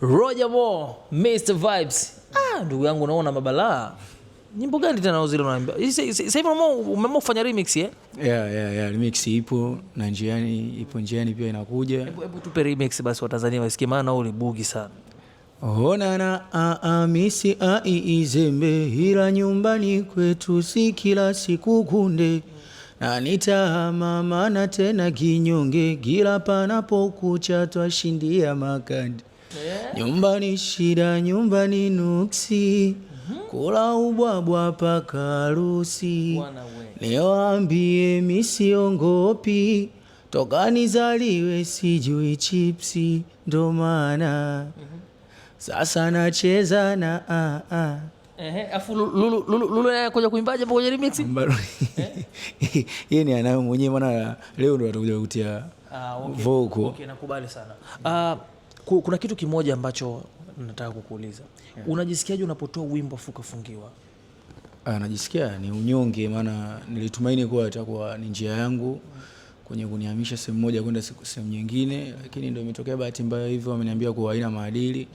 Roger Moore, Mr Vibes. Ah, ndugu yangu naona mabalaa. Nyimbo gani tena zile unaimba? Sasa hivi umeamua kufanya remix eh? Yeah, yeah, yeah, remix ipo na njiani, ipo njiani pia inakuja. Hebu hebu tupe remix basi Watanzania wasikie maana wewe bugi sana. Onana i aiizembe ila nyumbani kwetu si kila siku kunde na nitahamamana tena kinyonge gila panapokucha twashindia makande Eh? Nyumbani shida, nyumbani nuksi mm -hmm. Kula ubwabwa paka harusi, niwaambie misiongopi toka nizaliwe sijui chipsi, ndo maana mhm. Sasa nacheza na ah, ah. Eh, afu Lulu Lulu naye kuja kuimbaje hapo kwenye remix? Eh? Yeye ni anayo mwenyewe maana leo ndo atakuja kutia ah, okay. Vocal. Okay, nakubali sana. Ah uh, kuna kitu kimoja ambacho nataka kukuuliza yeah. Unajisikiaje unapotoa wimbo fukafungiwa ah, Najisikia ni unyonge, maana nilitumaini kuwa itakuwa ni njia yangu kwenye kunihamisha sehemu moja kwenda sehemu nyingine, lakini ndio imetokea bahati mbaya hivyo, wameniambia kuwa haina maadili.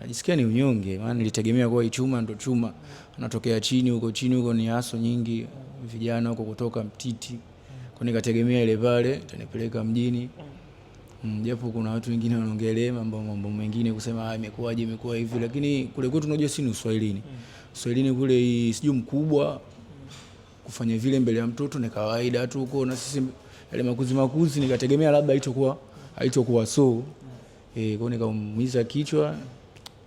Najisikia ni unyonge, maana nilitegemea kuwa Ichuma ndo Chuma anatokea chini huko, chini huko ni aso nyingi vijana huko kutoka Mtiti, kwa nikategemea ile pale itanipeleka mjini Mm, japo mm, kuna watu wengine wanaongelea mambo mambo mengine kusema ah, imekuwaje imekuwa hivi, lakini kule kwetu unajua si ni Uswahilini. Mm. Uswahilini kule sijui mkubwa kufanya vile mbele ya mtoto ni kawaida tu huko, na sisi yale makuzi makuzi nikategemea labda haitokuwa haitokuwa so mm. eh, kwao nikaumiza kichwa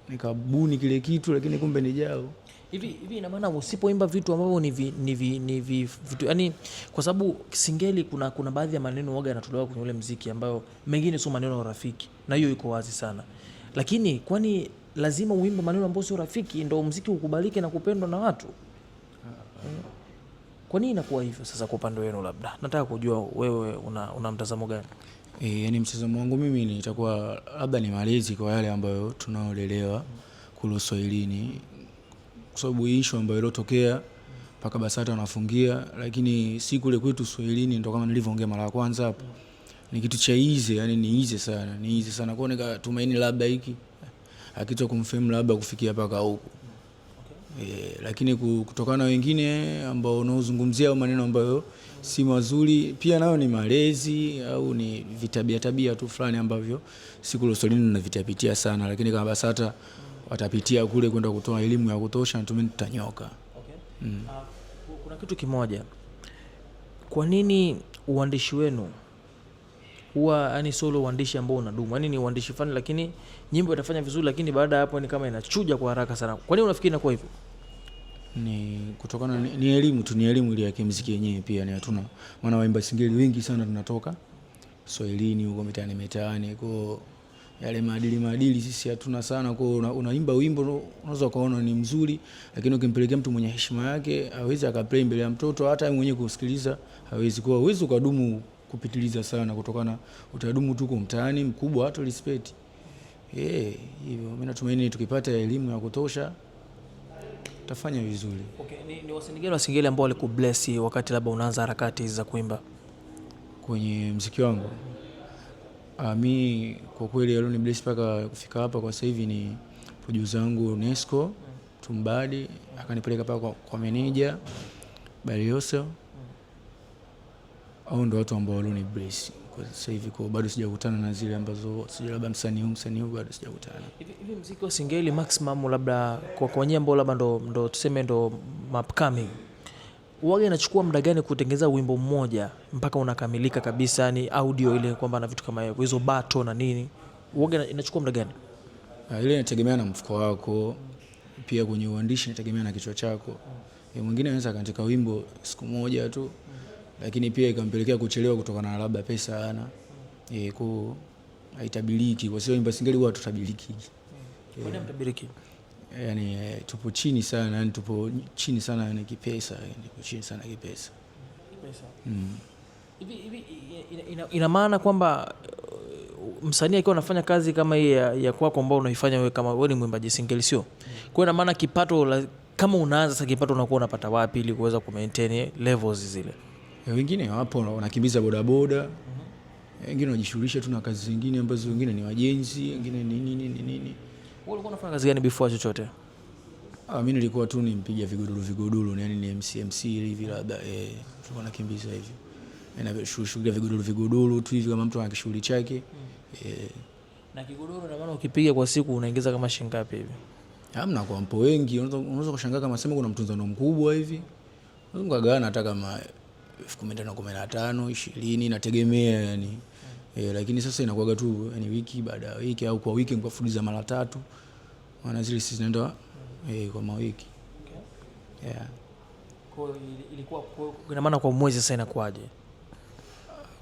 nikabuni kile kitu, lakini kumbe ni jao hivi hivi, ina maana usipoimba vitu ambavyo ni vi, ni, vi, ni vi, vitu yani, kwa sababu Kisingeli kuna kuna baadhi ya maneno waga yanatolewa kwenye ule mziki ambayo mengine sio maneno ya rafiki, na hiyo iko wazi sana, lakini kwani lazima uimbe maneno ambayo sio rafiki ndio mziki ukubalike na kupendwa na watu? Eh, kwa nini inakuwa hivyo? Sasa kwa upande wenu, labda nataka kujua wewe una, una mtazamo gani? E, yani mtazamo wangu mimi nitakuwa labda ni malezi kwa yale ambayo tunaolelewa kule Uswahilini kwa sababu issue ambayo ilotokea mpaka Basata wanafungia, lakini siku ile kwetu Swahilini ndo kama nilivyoongea mara ya kwanza hapo, ni kitu cha easy, yani ni easy sana, ni easy sana kwao. Nikatumaini labda hiki akitoa kumfemu labda kufikia paka huko E, eh, lakini kutokana na wengine ambao unaozungumzia au maneno ambayo si mazuri, pia nayo ni malezi au ni vitabia tabia tu fulani ambavyo siku navitapitia na vitapitia sana, lakini kama Basata watapitia kule kwenda kutoa elimu ya kutosha, natumaini tutanyoka. Okay. Mm. Uh, kuna kitu kimoja, kwa nini uandishi wenu huwa yani solo uandishi ambao unadumu, yani ni uandishi fani, lakini nyimbo itafanya vizuri, lakini baada ya hapo ni kama inachuja kwa haraka sana. Kwa nini unafikiri inakuwa hivyo? Ni kutokana ni, ni elimu tu, ni elimu ile ya kimziki yenyewe. Pia ni hatuna maana, waimba singeli wengi sana tunatoka Swahilini huko mitaani mitaani, kwa yale maadili maadili sisi hatuna sana. Kwa hiyo unaimba wimbo unaweza ukaona ni mzuri, lakini ukimpelekea mtu mwenye heshima yake hawezi akaplay mbele ya mtoto, hata mwenyewe kusikiliza hawezi. Kwa uwezo ukadumu kupitiliza sana, kutokana utadumu tu mtaani mkubwa, hata respect eh. Hivyo mimi natumaini tukipata elimu ya kutosha tafanya vizuri. Okay, ni, ni wasanii gani ambao walikubless wakati labda unaanza harakati za kuimba kwenye mziki wangu? Ah, mi kwa kweli alioni bless mpaka kufika hapa kwa sasa hivi ni producer zangu Nesco Tumbadi, akanipeleka paka kwa, kwa meneja Barioso Au ndo watu ambao waloni bless kwa sasa hivi, kwa bado sijakutana na zile ambazo sija labda msanii huyu msanii huyu bado sijakutana. Hivi muziki wa Singeli maximum labda kwa kwa nyimbo labda ndo ndo tuseme ndo upcoming waga inachukua muda gani kutengeneza wimbo mmoja mpaka unakamilika kabisa, yani audio ile kwamba na vitu kama hivyo, hizo bato na nini, uwaga inachukua muda gani? Ah, ile inategemea na mfuko wako, pia kwenye uandishi inategemea na kichwa chako. Eh, mwingine anaweza akaandika wimbo siku moja tu, lakini pia ikampelekea kuchelewa kutokana na labda pesa hana e, eh, ko haitabiliki kwa sababu wimbo singeli huwa tutabiliki. Kwa nini mtabiliki? yani tupo chini sana, yani tupo chini sana yani kipesa, yani tupo chini sana kipesa. Kipesa. Mm. Hivi hivi ina, ina maana kwamba uh, msanii akiwa anafanya kazi kama hii ya, ya kwako ambao unaifanya wewe kama wewe ni mwimbaji single sio? Mm. Kwa ina maana kipato la, kama unaanza sasa kipato unakuwa unapata wapi ili kuweza ku maintain levels zile? wengine wapo wanakimbiza bodaboda. Mm -hmm. Wengine wanajishughulisha tu na kazi zingine ambazo wengine ni wajenzi, wengine ni nini nini nini. Wewe ulikuwa unafanya kazi gani before chochote? Ah, mimi nilikuwa tu nimpiga vigodoro vigodoro, yani ni MC MC hivi labda eh, tulikuwa nakimbiza hivi. Yaani na shughuli vigodoro vigodoro tu hivi kama mtu ana kishughuli chake. Mm. Eh. Na kigodoro na maana ukipiga kwa siku unaingiza kama shilingi ngapi hivi? Hamna kwa mpo wengi, unaweza kushangaa kama sema kuna mtunzano mkubwa hivi. Unaweza kugawanya hata kama elfu kumi na tano, kumi na tano, ishirini, nategemea yani. E, lakini sasa inakuwaga tu yani wiki baada ya wiki au kwa wiki mkafululiza mara tatu, maana zile sisi zinaenda e, kwa mawiki okay. Yeah. Kwa ilikuwa ina maana kwa mwezi sasa inakuwaje?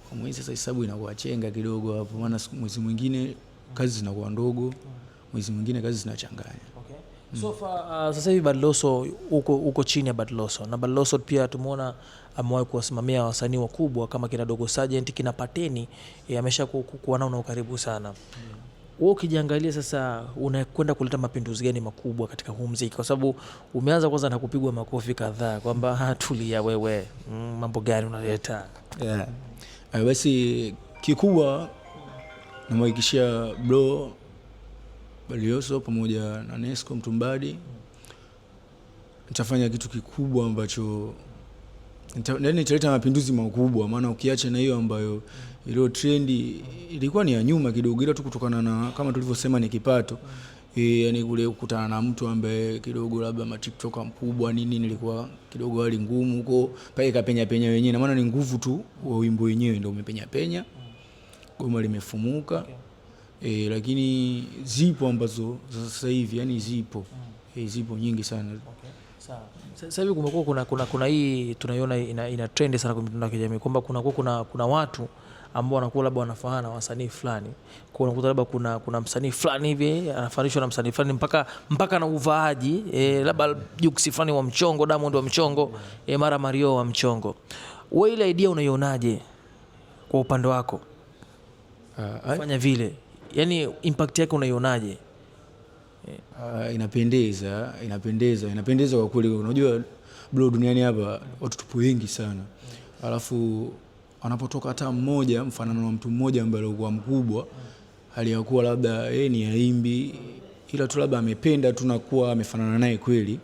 Kwa mwezi sasa hesabu inakuwa chenga kidogo hapo, maana mwezi mwingine kazi zinakuwa ndogo, mm. mwezi mwingine kazi zinachanganya. Okay sofa uh, sasa hivi Badloso uko, uko chini ya Badloso na Badloso pia tumeona amewahi kuwasimamia wasanii wakubwa kama kina Dogo Sergeant kina Pateni e, amesha ku, ku, kuwa nao na ukaribu sana wewe mm. ukijiangalia sasa unakwenda kuleta mapinduzi gani makubwa katika huu mziki kwa sababu umeanza kwanza na kupigwa makofi kadhaa kwamba ah, tulia wewe, mm, mambo gani unaleta? yeah. Eh, basi kikubwa namhakikishia bro Balioso pamoja na Nesco Mtumbadi, nitafanya kitu kikubwa ambacho yani nitaleta mapinduzi makubwa, maana ukiacha na hiyo ambayo iliyo trendi ilikuwa ni ya nyuma kidogo, ila tu kutokana na kama tulivyosema ni kipato E, yani kule kukutana na mtu ambaye kidogo labda TikTok mkubwa nini, nilikuwa kidogo hali ngumu huko, pale kapenya penya wenyewe, na maana ni nguvu tu wa wimbo wenyewe ndio umepenya penya, goma limefumuka e, lakini zipo ambazo sasa hivi yani zipo e, zipo nyingi sana Sasa hivi kumekuwa kuna, kuna, kuna hii tunaiona ina, ina trend sana kwenye mitandao ya kijamii kwamba kuna, kuna, kuna watu ambao wanakuwa labda wanafahana wasanii fulani, kwa unakuta labda kuna, kuna msanii fulani hivi anafanishwa na msanii fulani mpaka, mpaka na uvaaji e, labda Juksi fulani wa mchongo, Diamond wa mchongo e, mara Mario wa mchongo. Wewe ile idea unaionaje kwa upande wako? Uh, fanya vile yani impact yake unaionaje? Uh, inapendeza, inapendeza, inapendeza kwa kweli. Unajua bro, duniani hapa watu tupo wengi sana, alafu wanapotoka hata mmoja, mfanano wa mtu mmoja ambaye alikuwa mkubwa, hali ya kuwa labda yeye eh, ni aimbi, ila tu labda amependa tu na kuwa amefanana naye kweli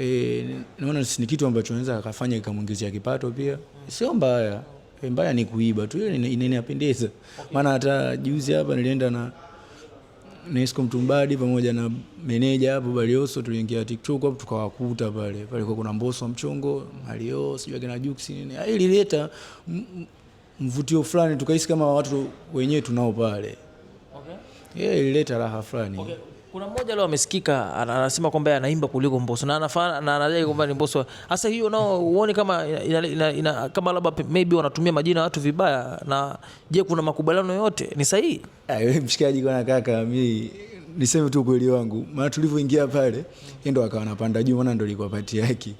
E, eh, naona ni kitu ambacho anaweza akafanya ikamwingizia kipato pia, sio mbaya mbaya ni kuiba tu, ile Maana hata juzi hapa nilienda na Nesco Mtumbadi pamoja na meneja hapo Balioso, tuliingia TikTok hapo tukawakuta pale pale, kwa kuna Mboso Mchongo, Mario, sijui kina Jux nini, ah, ilileta mvutio fulani, tukahisi kama watu wenyewe tunao pale, okay. Yeah, ilileta raha fulani okay. Kuna mmoja leo amesikika anasema kwamba anaimba kuliko Mbosso na anafaana na anadai kwamba ni Mbosso. Sasa hiyo nao uone kama ina, ina, ina, kama labda maybe wanatumia majina ya watu vibaya, na je, kuna makubaliano yote ni sahihi? Ayo, ah, Mshikaji kwa kaka, mimi niseme tu kweli wangu, maana tulivyoingia pale ndo akawa anapanda juu, maana ndo ilikuwa pati yake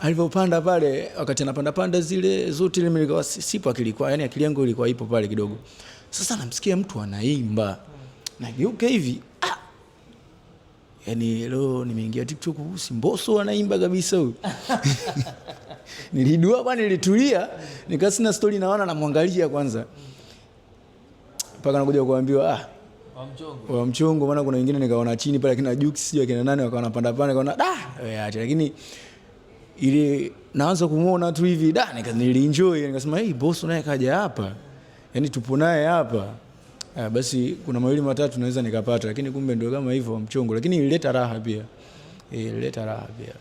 alivyopanda pale, wakati anapanda panda zile zote, ile nilikuwa sipo akili yani, akili yangu ilikuwa ipo pale kidogo. Sasa namsikia mtu anaimba na yuko hivi yani leo nimeingia TikTok, si Mbosso anaimba kabisa huyu nilidua bwana, nilitulia nikaa sina stori, naona namwangalia kwanza mpaka nakuja kuambiwa ah, wa mchongo. Maana kuna wengine nikaona chini pale, akina Juki sio akina nani, wakawa napanda pale, nikaona da wewe acha, lakini ile naanza kumuona tu hivi da, nikaenjoy nikasema, hey Boss naye kaja hapa, yani tupo naye hapa Eh, basi kuna mawili matatu naweza nikapata, lakini kumbe ndio kama hivyo mchongo, lakini ileta raha pia, ileta raha pia.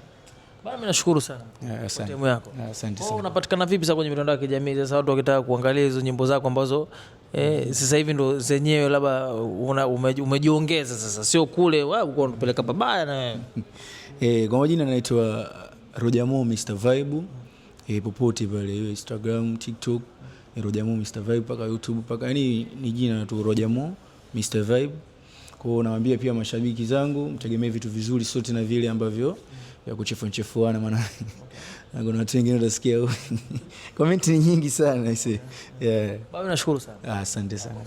Bwana, mimi nashukuru sana eh, kwa timu yako. Eh, asante sana. Unapatikana vipi sasa kwenye mitandao ya kijamii sasa, watu wakitaka kuangalia hizo nyimbo zako ambazo eh, mm-hmm. sasa hivi ndo zenyewe labda umejiongeza sasa, sio kule unapeleka babaya na eh, kwa majina naitwa Rojamo Mr Vibe eh, popote pale Instagram, TikTok Rojamo Mr Vibe paka YouTube paka yani ni jina tu Rojamo Mr Vibe. Kwa hiyo nawaambia pia mashabiki zangu mtegemee vitu vizuri, sote na vile ambavyo vya nchefuana maana kuna watu wengine utasikia comment ni nyingi sana. Yeah. Baba nashukuru sana. Ah, asante sana.